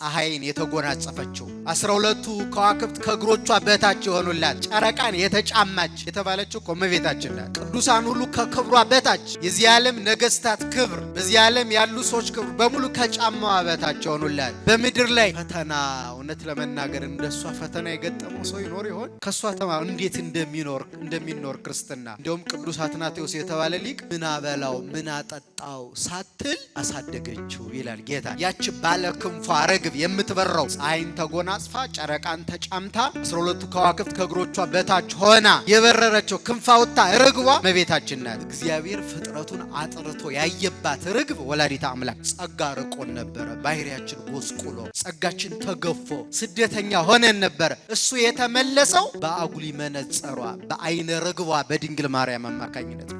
ፀሐይን የተጎናጸፈችው አስራ ሁለቱ ከዋክብት ከእግሮቿ በታች የሆኑላት ጨረቃን የተጫማች የተባለችው እኮ እመቤታችን ናት። ቅዱሳን ሁሉ ከክብሯ በታች የዚህ ዓለም ነገስታት ክብር፣ በዚህ ዓለም ያሉ ሰዎች ክብር በሙሉ ከጫማዋ በታች የሆኑላት በምድር ላይ ፈተና እውነት ለመናገር እንደሷ ፈተና የገጠመው ሰው ይኖር ይሆን? ከሷ ተማ እንዴት እንደሚኖር እንደሚኖር ክርስትና። እንዲሁም ቅዱስ አትናቴዎስ የተባለ ሊቅ ምን አበላው ምን አጠጣው ሳትል አሳደገችው ይላል ጌታ። ያች ባለ ክንፏ ርግብ የምትበረው ፀሐይን ተጎናጽፋ ጨረቃን ተጫምታ አስራ ሁለቱ ከዋክብት ከእግሮቿ በታች ሆና የበረረችው ክንፋውታ ርግቧ መቤታችን ናት። እግዚአብሔር ፍጥረቱን አጥርቶ ያየባት ርግብ ወላዲታ አምላክ ጸጋ ርቆን ነበረ። ባህሪያችን ጎስቁሎ ጸጋችን ተገፉ ስደተኛ ሆነን ነበረ። እሱ የተመለሰው በአጉሊ መነጸሯ፣ በአይነ ርግቧ በድንግል ማርያም አማካኝነት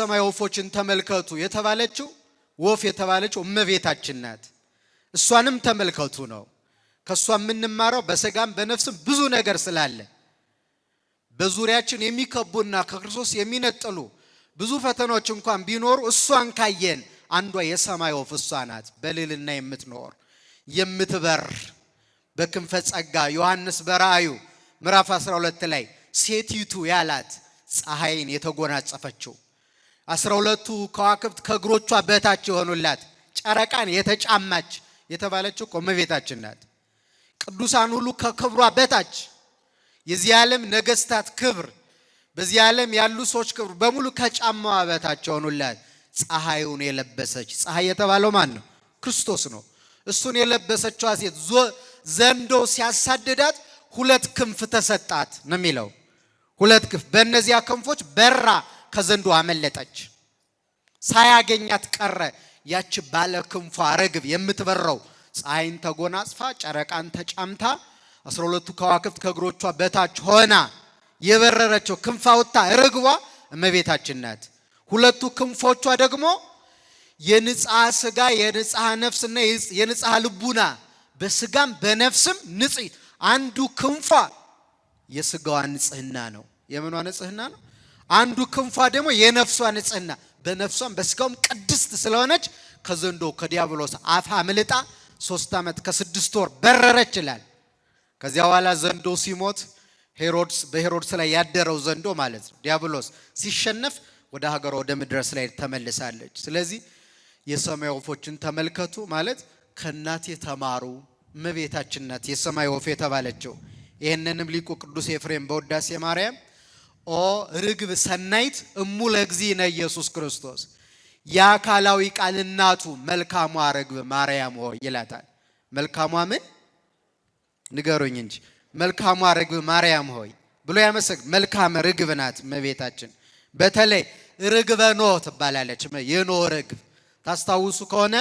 ሰማይ ወፎችን ተመልከቱ የተባለችው ወፍ የተባለችው እመቤታችን ናት። እሷንም ተመልከቱ ነው። ከእሷ የምንማረው በስጋም በነፍስም ብዙ ነገር ስላለ በዙሪያችን የሚከቡና ከክርስቶስ የሚነጥሉ ብዙ ፈተናዎች እንኳን ቢኖሩ እሷን ካየን አንዷ የሰማይ ወፍ እሷ ናት። በልልና የምትኖር የምትበር በክንፈ ጸጋ ዮሐንስ በራእዩ ምዕራፍ 12 ላይ ሴቲቱ ያላት ፀሐይን የተጎናጸፈችው አስራ ሁለቱ ከዋክብት ከእግሮቿ በታች የሆኑላት ጨረቃን የተጫማች የተባለችው እመቤታችን ናት። ቅዱሳን ሁሉ ከክብሯ በታች የዚህ ዓለም ነገስታት ክብር፣ በዚህ ዓለም ያሉ ሰዎች ክብር በሙሉ ከጫማዋ በታች ሆኑላት። ፀሐዩን የለበሰች ፀሐይ የተባለው ማን ነው? ክርስቶስ ነው። እሱን የለበሰችዋ ሴት ዘንዶ ሲያሳድዳት ሁለት ክንፍ ተሰጣት ነው የሚለው። ሁለት ክንፍ በእነዚያ ክንፎች በራ፣ ከዘንዶ አመለጠች፣ ሳያገኛት ቀረ። ያች ባለ ክንፏ ርግብ የምትበረው ፀሐይን ተጎናጽፋ ጨረቃን ተጫምታ አስራ ሁለቱ ከዋክብት ከእግሮቿ በታች ሆና የበረረችው ክንፋውታ ርግቧ እመቤታችን ናት። ሁለቱ ክንፎቿ ደግሞ የንጽሐ ስጋ የንጽሐ ነፍስና የንጽሐ ልቡና በስጋም በነፍስም ንጽሕት። አንዱ ክንፏ የስጋዋ ንጽህና ነው፣ የምኗ ንጽህና ነው። አንዱ ክንፏ ደግሞ የነፍሷ ንጽህና፣ በነፍሷም በስጋውም ቅድስት ስለሆነች ከዘንዶ ከዲያብሎስ አፍ አምልጣ ሶስት ዓመት ከስድስት ወር በረረች ይላል። ከዚያ በኋላ ዘንዶ ሲሞት ሄሮድስ በሄሮድስ ላይ ያደረው ዘንዶ ማለት ነው ዲያብሎስ ሲሸነፍ ወደ ሀገሯ ወደ ምድረስ ላይ ተመልሳለች። ስለዚህ የሰማይ ወፎችን ተመልከቱ ማለት ከእናቴ የተማሩ እመቤታችን ናት የሰማይ ወፍ የተባለችው። ይህንንም ሊቁ ቅዱስ ኤፍሬም በውዳሴ ማርያም ኦ ርግብ ሰናይት እሙ ለእግዚእነ ኢየሱስ ክርስቶስ የአካላዊ ቃል እናቱ መልካሟ ርግብ ማርያም ሆይ ይላታል። መልካሟ ምን ንገሩኝ እንጂ መልካሟ ርግብ ማርያም ሆይ ብሎ ያመሰግ መልካም ርግብ ናት እመቤታችን። በተለይ ርግበ ኖ ትባላለች። የኖ ርግብ ታስታውሱ ከሆነ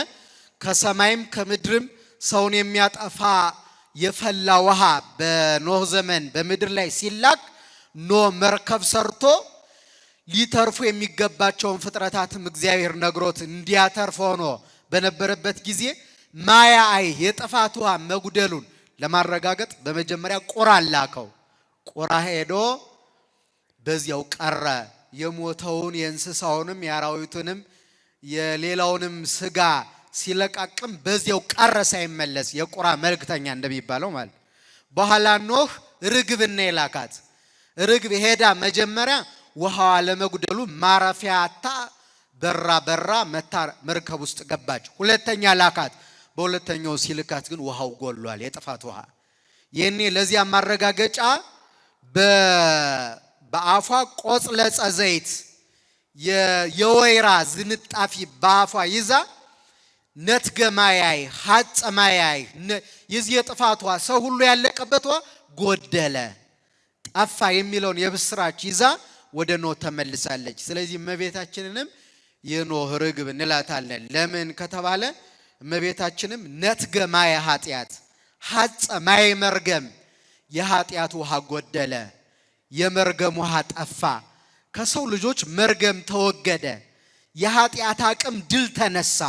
ከሰማይም ከምድርም ሰውን የሚያጠፋ የፈላ ውሃ በኖህ ዘመን በምድር ላይ ሲላክ ኖ መርከብ ሰርቶ ሊተርፉ የሚገባቸውን ፍጥረታትም እግዚአብሔር ነግሮት እንዲያተርፍ ሆኖ በነበረበት ጊዜ ማያ አይ የጥፋት ውሃ መጉደሉን ለማረጋገጥ በመጀመሪያ ቁራ ላከው። ቁራ ሄዶ በዚያው ቀረ። የሞተውን የእንስሳውንም የአራዊቱንም የሌላውንም ስጋ ሲለቃቅም በዚያው ቀረ ሳይመለስ፣ የቁራ መልእክተኛ እንደሚባለው ማለት። በኋላ ኖህ ርግብና የላካት ርግብ ሄዳ መጀመሪያ ውሃዋ ለመጉደሉ ማረፊያታ በራ በራ መታ መርከብ ውስጥ ገባች። ሁለተኛ ላካት በሁለተኛው ሲልካት ግን ውሃው ጎሏል፣ የጥፋት ውሃ። ይህኔ ለዚያ ማረጋገጫ በአፏ ቆጽለጸ ዘይት የወይራ ዝንጣፊ በአፏ ይዛ ነትገማያይ ሀጸማያይ የዚህ የጥፋቷ ሰው ሁሉ ያለቀበቷ ጎደለ ጠፋ የሚለውን የብስራች ይዛ ወደ ኖ ተመልሳለች። ስለዚህ እመቤታችንንም የኖህ ርግብ እንላታለን። ለምን ከተባለ እመቤታችንም ነትገ ማየ ኃጢአት ሀጸ ማየ መርገም የኃጢአት ውሃ ጎደለ፣ የመርገም ውሃ ጠፋ፣ ከሰው ልጆች መርገም ተወገደ፣ የኃጢአት አቅም ድል ተነሳ።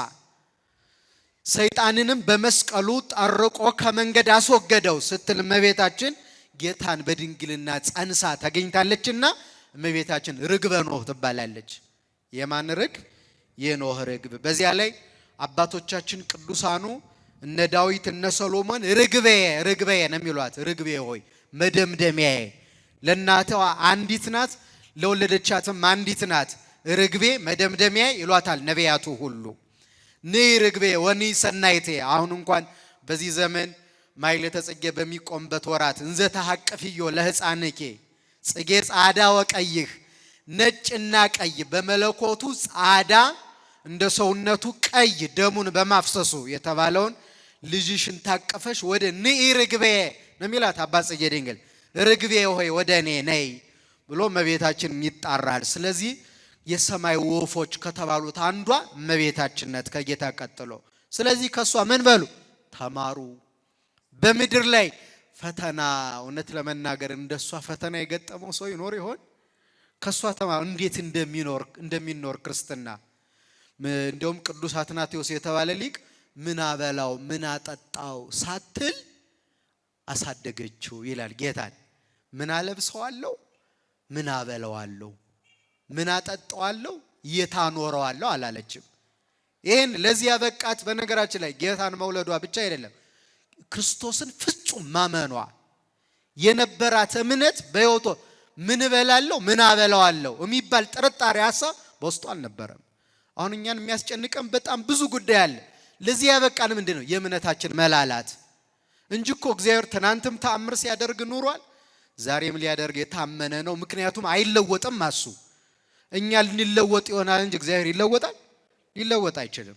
ሰይጣንንም በመስቀሉ ጠርቆ ከመንገድ አስወገደው ስትል እመቤታችን ጌታን በድንግልና ጸንሳ ተገኝታለችና እመቤታችን ርግበ ኖህ ትባላለች። የማን ርግብ? የኖህ ርግብ። በዚያ ላይ አባቶቻችን ቅዱሳኑ እነ ዳዊት እነ ሰሎሞን ርግቤ ርግቤ ነው የሚሏት። ርግቤ ሆይ መደምደሚያዬ፣ ለእናትዋ አንዲት ናት፣ ለወለደቻትም አንዲት ናት። ርግቤ መደምደሚያ ይሏታል ነቢያቱ ሁሉ። ንይ ርግቤ ወኒ ሰናይቴ። አሁን እንኳን በዚህ ዘመን ማሕሌተ ጽጌ በሚቆምበት ወራት እንዘ ተሐቅፍዮ ለሕፃንኬ ጽጌ ጻዳ ወቀይህ፣ ነጭና ቀይ በመለኮቱ ጻዳ እንደ ሰውነቱ ቀይ ደሙን በማፍሰሱ የተባለውን ልጅሽን ታቀፈሽ ወደ ንኢ ርግቤ ነው የሚላት ድንግል። ርግቤ ሆይ ወደ እኔ ነይ ብሎ እመቤታችን ይጣራል። ስለዚህ የሰማይ ወፎች ከተባሉት አንዷ እመቤታችን ከጌታ ቀጥሎ። ስለዚህ ከእሷ ምን በሉ ተማሩ። በምድር ላይ ፈተና እውነት ለመናገር እንደሷ ፈተና የገጠመው ሰው ይኖር ይሆን? ከእሷ ተማሩ እንዴት እንደሚኖር ክርስትና እንደውም ቅዱስ አትናቴዎስ የተባለ ሊቅ ምን አበላው ምን አጠጣው ሳትል አሳደገችው ይላል። ጌታን ምን አለብሰዋለሁ፣ ምን አበለዋለሁ፣ ምን አጠጣዋለሁ፣ የት አላለችም። ይህን ለዚህ ያበቃት በነገራችን ላይ ጌታን መውለዷ ብቻ አይደለም፣ ክርስቶስን ፍጹም ማመኗ የነበራት እምነት በሕይወቷ ምን እበላለሁ ምን አበለዋለሁ የሚባል ጥርጣሬ ሀሳብ በውስጡ አልነበረም። አሁን እኛን የሚያስጨንቀን በጣም ብዙ ጉዳይ አለ። ለዚህ ያበቃን ምንድን ነው? የእምነታችን መላላት እንጂ እኮ እግዚአብሔር ትናንትም ተአምር ሲያደርግ ኑሯል፣ ዛሬም ሊያደርግ የታመነ ነው። ምክንያቱም አይለወጥም። አሱ እኛ ልንለወጥ ይሆናል እንጂ እግዚአብሔር ይለወጣል? ሊለወጥ አይችልም።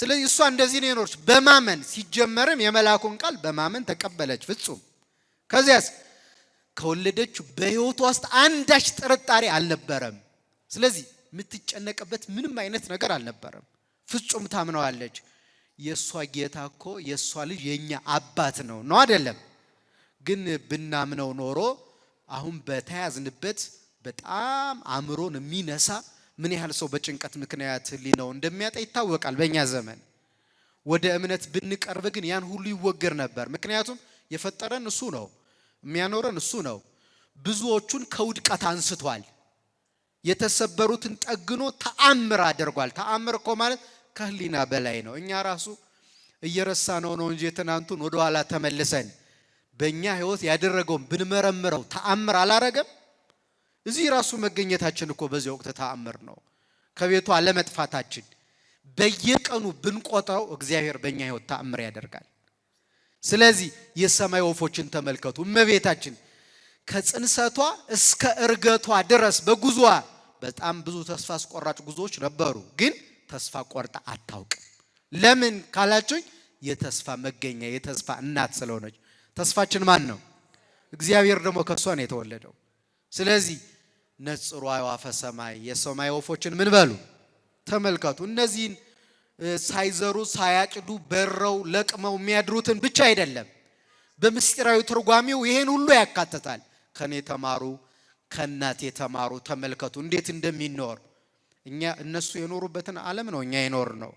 ስለዚህ እሷ እንደዚህ ነው የኖረች በማመን ሲጀመርም የመልአኩን ቃል በማመን ተቀበለች ፍጹም። ከዚያስ ከወለደችው በሕይወቷ ውስጥ አንዳች ጥርጣሬ አልነበረም። ስለዚህ የምትጨነቅበት ምንም አይነት ነገር አልነበረም። ፍጹም ታምነዋለች። የእሷ ጌታ እኮ የእሷ ልጅ የእኛ አባት ነው ነው አይደለም? ግን ብናምነው ኖሮ አሁን በተያዝንበት በጣም አእምሮን የሚነሳ ምን ያህል ሰው በጭንቀት ምክንያት ነው እንደሚያጣ ይታወቃል። በእኛ ዘመን ወደ እምነት ብንቀርብ ግን ያን ሁሉ ይወገር ነበር። ምክንያቱም የፈጠረን እሱ ነው፣ የሚያኖረን እሱ ነው። ብዙዎቹን ከውድቀት አንስቷል። የተሰበሩትን ጠግኖ ተአምር አድርጓል። ተአምር እኮ ማለት ከህሊና በላይ ነው። እኛ ራሱ እየረሳ ነው ነው እንጂ የትናንቱን ወደኋላ ተመልሰን በእኛ ህይወት ያደረገውን ብንመረምረው ተአምር አላረገም። እዚህ ራሱ መገኘታችን እኮ በዚህ ወቅት ተአምር ነው። ከቤቱ አለመጥፋታችን በየቀኑ ብንቆጥረው እግዚአብሔር በእኛ ህይወት ተአምር ያደርጋል። ስለዚህ የሰማይ ወፎችን ተመልከቱ እመቤታችን ከጽንሰቷ እስከ እርገቷ ድረስ በጉዟ በጣም ብዙ ተስፋ አስቆራጭ ጉዞዎች ነበሩ። ግን ተስፋ ቆርጣ አታውቅም። ለምን ካላችሁኝ የተስፋ መገኛ የተስፋ እናት ስለሆነች። ተስፋችን ማን ነው? እግዚአብሔር ደግሞ ከእሷ ነው የተወለደው። ስለዚህ ነጽሯ አዕዋፈ ሰማይ የሰማይ ወፎችን ምን በሉ ተመልከቱ። እነዚህን ሳይዘሩ ሳያጭዱ በረው ለቅመው የሚያድሩትን ብቻ አይደለም፣ በምስጢራዊ ትርጓሜው ይሄን ሁሉ ያካትታል። ከኔ ተማሩ፣ ከእናቴ ተማሩ። ተመልከቱ እንዴት እንደሚኖር እኛ እነሱ የኖሩበትን ዓለም ነው እኛ የኖር ነው።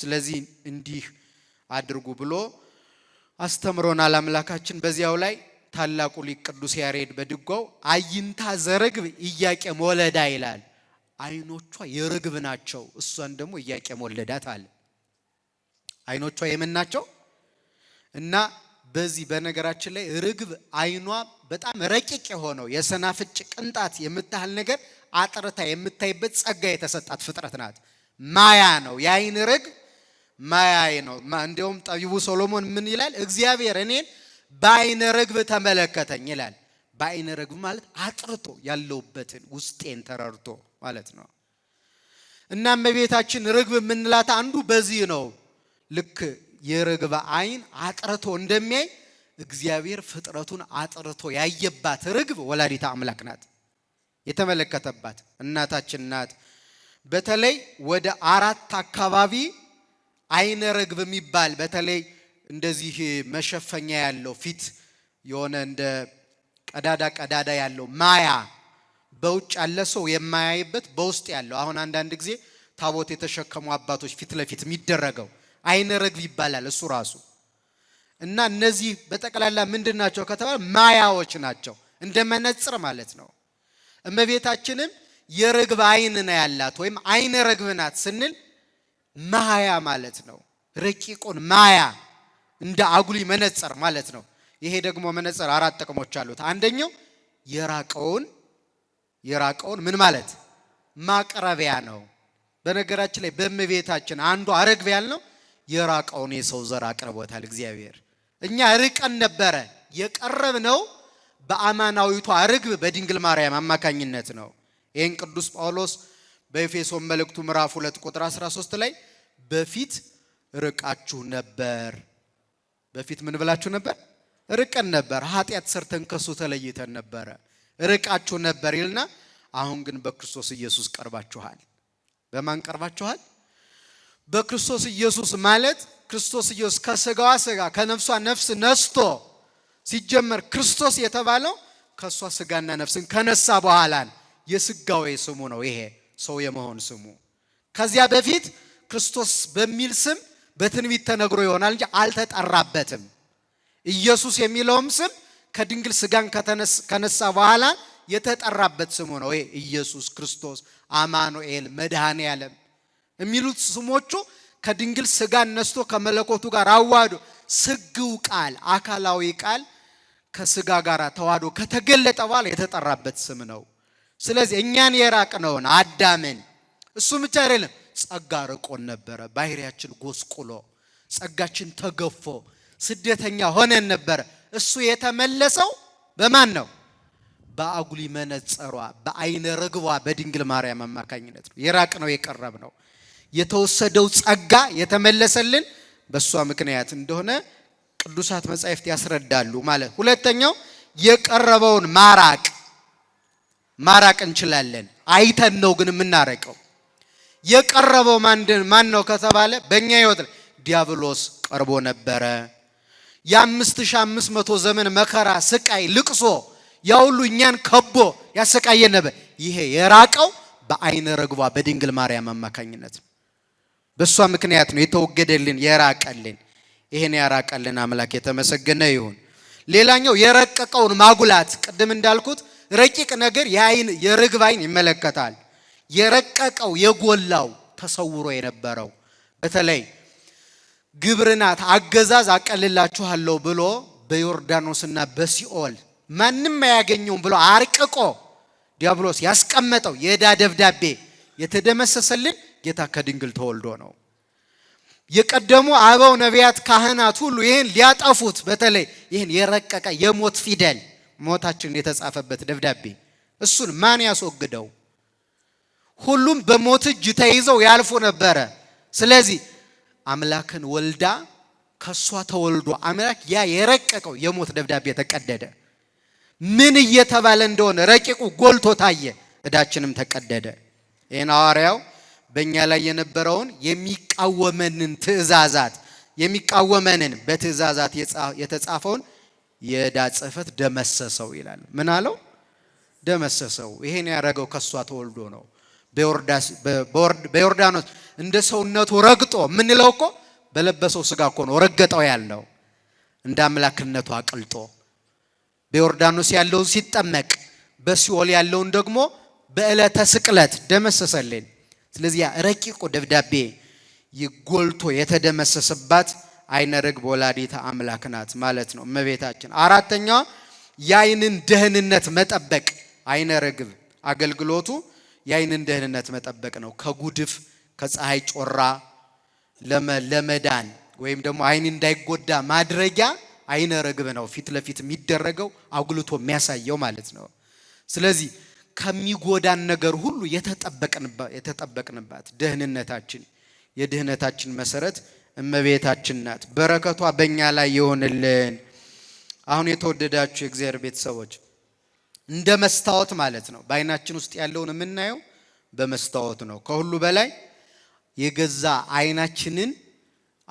ስለዚህ እንዲህ አድርጉ ብሎ አስተምሮናል አምላካችን። በዚያው ላይ ታላቁ ሊቅ ቅዱስ ያሬድ በድጓው አይንታ ዘርግብ እያቄ ወለዳ ይላል። አይኖቿ የርግብ ናቸው፣ እሷን ደግሞ እያቄ ወለዳት አለ። አይኖቿ የምን ናቸው? እና በዚህ በነገራችን ላይ ርግብ አይኗ በጣም ረቂቅ የሆነው የሰናፍጭ ቅንጣት የምታህል ነገር አጥርታ የምታይበት ጸጋ የተሰጣት ፍጥረት ናት። ማያ ነው የአይን ርግብ ማያይ ነው። እንዲሁም ጠቢቡ ሶሎሞን ምን ይላል? እግዚአብሔር እኔን በአይነ ርግብ ተመለከተኝ ይላል። በአይን ርግብ ማለት አጥርቶ ያለውበትን ውስጤን ተረርቶ ማለት ነው። እና እመቤታችን ርግብ የምንላት አንዱ በዚህ ነው። ልክ የርግበ አይን አጥርቶ እንደሚያይ እግዚአብሔር ፍጥረቱን አጥርቶ ያየባት ርግብ ወላዲታ አምላክ ናት። የተመለከተባት እናታችን ናት። በተለይ ወደ አራት አካባቢ አይነ ርግብ የሚባል በተለይ እንደዚህ መሸፈኛ ያለው ፊት የሆነ እንደ ቀዳዳ ቀዳዳ ያለው ማያ በውጭ ያለ ሰው የማያይበት በውስጥ ያለው አሁን አንዳንድ ጊዜ ታቦት የተሸከሙ አባቶች ፊት ለፊት የሚደረገው አይነ ረግብ ይባላል እሱ ራሱ እና እነዚህ በጠቅላላ ምንድን ናቸው ከተባለ ማያዎች ናቸው፣ እንደ መነጽር ማለት ነው። እመቤታችንም የርግብ አይን ነው ያላት ወይም አይነ ርግብ ናት ስንል ማያ ማለት ነው። ረቂቁን ማያ እንደ አጉሊ መነጽር ማለት ነው። ይሄ ደግሞ መነጽር አራት ጥቅሞች አሉት። አንደኛው የራቀውን የራቀውን ምን ማለት ማቅረቢያ ነው። በነገራችን ላይ በእመቤታችን አንዱ አረግብ ያልነው የራቀውን የሰው ዘር አቅርቦታል። እግዚአብሔር እኛ ርቀን ነበረ የቀረብ ነው በአማናዊቷ ርግብ በድንግል ማርያም አማካኝነት ነው። ይህን ቅዱስ ጳውሎስ በኤፌሶን መልእክቱ ምዕራፍ 2 ቁጥር 13 ላይ በፊት ርቃችሁ ነበር፣ በፊት ምን ብላችሁ ነበር? ርቀን ነበር፣ ኃጢአት ሰርተን ከሱ ተለይተን ነበረ፣ ርቃችሁ ነበር ይልና አሁን ግን በክርስቶስ ኢየሱስ ቀርባችኋል። በማን ቀርባችኋል? በክርስቶስ ኢየሱስ ማለት ክርስቶስ ኢየሱስ ከስጋዋ ስጋ ከነፍሷ ነፍስ ነስቶ ሲጀመር ክርስቶስ የተባለው ከእሷ ስጋና ነፍስን ከነሳ በኋላ የስጋው ስሙ ነው። ይሄ ሰው የመሆን ስሙ ከዚያ በፊት ክርስቶስ በሚል ስም በትንቢት ተነግሮ ይሆናል እንጂ አልተጠራበትም። ኢየሱስ የሚለውም ስም ከድንግል ስጋን ከነሳ በኋላ የተጠራበት ስሙ ነው። ይሄ ኢየሱስ ክርስቶስ አማኑኤል መድኃኔ ዓለም የሚሉት ስሞቹ ከድንግል ስጋ ነስቶ ከመለኮቱ ጋር አዋህዶ ስግው ቃል አካላዊ ቃል ከስጋ ጋር ተዋህዶ ከተገለጠ በኋላ የተጠራበት ስም ነው። ስለዚህ እኛን የራቅነውን አዳምን እሱ ብቻ አይደለም፣ ጸጋ ርቆን ነበረ። ባህሪያችን ጎስቁሎ፣ ጸጋችን ተገፎ፣ ስደተኛ ሆነን ነበረ። እሱ የተመለሰው በማን ነው? በአጉሊ መነጸሯ፣ በአይነ ርግቧ፣ በድንግል ማርያም አማካኝነት ነው የራቅ ነው የቀረብ ነው። የተወሰደው ጸጋ የተመለሰልን በእሷ ምክንያት እንደሆነ ቅዱሳት መጻሕፍት ያስረዳሉ ማለት። ሁለተኛው የቀረበውን ማራቅ ማራቅ እንችላለን። አይተን ነው ግን የምናረቀው። የቀረበው ማን ነው ከተባለ በእኛ ህይወት ዲያብሎስ ቀርቦ ነበረ። የአምስት ሺህ አምስት መቶ ዘመን መከራ፣ ስቃይ፣ ልቅሶ ያ ሁሉ እኛን ከቦ ያሰቃየን ነበር። ይሄ የራቀው በአይነ ርግቧ በድንግል ማርያም አማካኝነት ነው። በእሷ ምክንያት ነው የተወገደልን የራቀልን። ይሄን ያራቀልን አምላክ የተመሰገነ ይሁን። ሌላኛው የረቀቀውን ማጉላት፣ ቅድም እንዳልኩት ረቂቅ ነገር የአይን የርግብ አይን ይመለከታል። የረቀቀው የጎላው ተሰውሮ የነበረው በተለይ ግብርናት አገዛዝ አቀልላችኋለሁ ብሎ በዮርዳኖስና በሲኦል ማንም አያገኘውም ብሎ አርቅቆ ዲያብሎስ ያስቀመጠው የዕዳ ደብዳቤ የተደመሰሰልን ጌታ ከድንግል ተወልዶ ነው። የቀደሙ አበው ነቢያት፣ ካህናት ሁሉ ይህን ሊያጠፉት በተለይ ይህን የረቀቀ የሞት ፊደል ሞታችን የተጻፈበት ደብዳቤ እሱን ማን ያስወግደው? ሁሉም በሞት እጅ ተይዘው ያልፉ ነበረ። ስለዚህ አምላክን ወልዳ ከእሷ ተወልዶ አምላክ ያ የረቀቀው የሞት ደብዳቤ ተቀደደ። ምን እየተባለ እንደሆነ ረቂቁ ጎልቶ ታየ። እዳችንም ተቀደደ። ይህን ሐዋርያው በእኛ ላይ የነበረውን የሚቃወመንን ትእዛዛት የሚቃወመንን በትእዛዛት የተጻፈውን የዕዳ ጽሕፈት ደመሰሰው ይላል። ምን አለው? ደመሰሰው። ይሄን ያደረገው ከእሷ ተወልዶ ነው። በዮርዳኖስ እንደ ሰውነቱ ረግጦ የምንለው እኮ በለበሰው ስጋ እኮ ነው ረገጠው ያለው እንደ አምላክነቱ አቅልጦ በዮርዳኖስ ያለውን ሲጠመቅ በሲኦል ያለውን ደግሞ በዕለተ ስቅለት ደመሰሰልን። ስለዚህ ያ ረቂቁ ደብዳቤ ጎልቶ የተደመሰሰባት አይነ ርግብ ወላዲተ አምላክ ናት ማለት ነው እመቤታችን። አራተኛ የአይንን ደህንነት መጠበቅ። አይነ ርግብ አገልግሎቱ የአይንን ደህንነት መጠበቅ ነው። ከጉድፍ ከፀሐይ ጮራ ለመዳን ወይም ደግሞ አይን እንዳይጎዳ ማድረጊያ አይነ ርግብ ነው ፊት ለፊት የሚደረገው አጉልቶ የሚያሳየው ማለት ነው። ስለዚህ ከሚጎዳን ነገር ሁሉ የተጠበቅንባት ደህንነታችን የድህነታችን መሰረት እመቤታችን ናት። በረከቷ በእኛ ላይ ይሆንልን። አሁን የተወደዳችሁ የእግዚአብሔር ቤተሰቦች እንደ መስታወት ማለት ነው። በአይናችን ውስጥ ያለውን የምናየው በመስታወት ነው። ከሁሉ በላይ የገዛ አይናችንን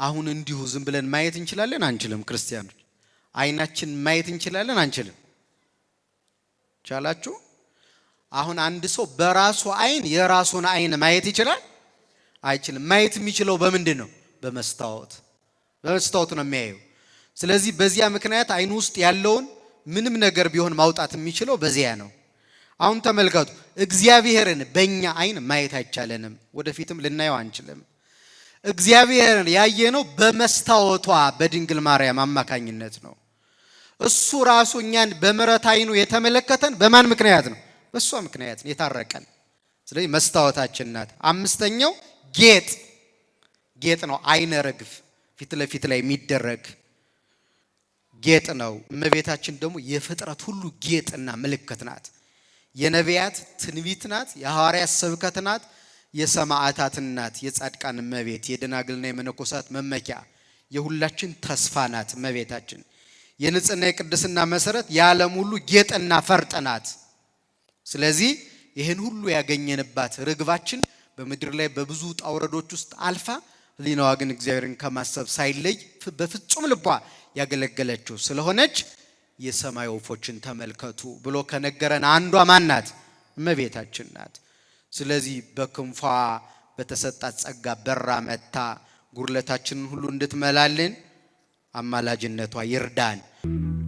አሁን እንዲሁ ዝም ብለን ማየት እንችላለን አንችልም? ክርስቲያኖች አይናችን ማየት እንችላለን አንችልም? ቻላችሁ? አሁን አንድ ሰው በራሱ አይን የራሱን አይን ማየት ይችላል? አይችልም። ማየት የሚችለው በምንድን ነው? በመስታወት በመስታወት ነው የሚያየው። ስለዚህ በዚያ ምክንያት አይን ውስጥ ያለውን ምንም ነገር ቢሆን ማውጣት የሚችለው በዚያ ነው። አሁን ተመልከቱ፣ እግዚአብሔርን በእኛ አይን ማየት አይቻለንም፣ ወደፊትም ልናየው አንችልም። እግዚአብሔርን ያየነው በመስታወቷ በድንግል ማርያም አማካኝነት ነው። እሱ ራሱ እኛን በምሕረት አይኑ የተመለከተን በማን ምክንያት ነው? በእሷ ምክንያት የታረቀን። ስለዚህ መስታወታችን ናት። አምስተኛው ጌጥ ጌጥ ነው። አይነ ርግፍ ፊት ለፊት ላይ የሚደረግ ጌጥ ነው። እመቤታችን ደግሞ የፍጥረት ሁሉ ጌጥና ምልክት ናት። የነቢያት ትንቢት ናት። የሐዋርያት ስብከት ናት። የሰማዕታት ናት። የጻድቃን እመቤት የደናግልና የመነኮሳት መመኪያ የሁላችን ተስፋ ናት እመቤታችን። የንጽህና የቅድስና መሰረት የዓለም ሁሉ ጌጥና ፈርጥ ናት። ስለዚህ ይህን ሁሉ ያገኘንባት ርግባችን በምድር ላይ በብዙ ጣውረዶች ውስጥ አልፋ ህሊናዋ ግን እግዚአብሔርን ከማሰብ ሳይለይ በፍጹም ልቧ ያገለገለችው ስለሆነች የሰማይ ወፎችን ተመልከቱ ብሎ ከነገረን አንዷ ማን ናት? እመቤታችን ናት። ስለዚህ በክንፏ በተሰጣት ጸጋ በራ መታ ጉድለታችንን ሁሉ እንድትመላልን አማላጅነቷ ይርዳን።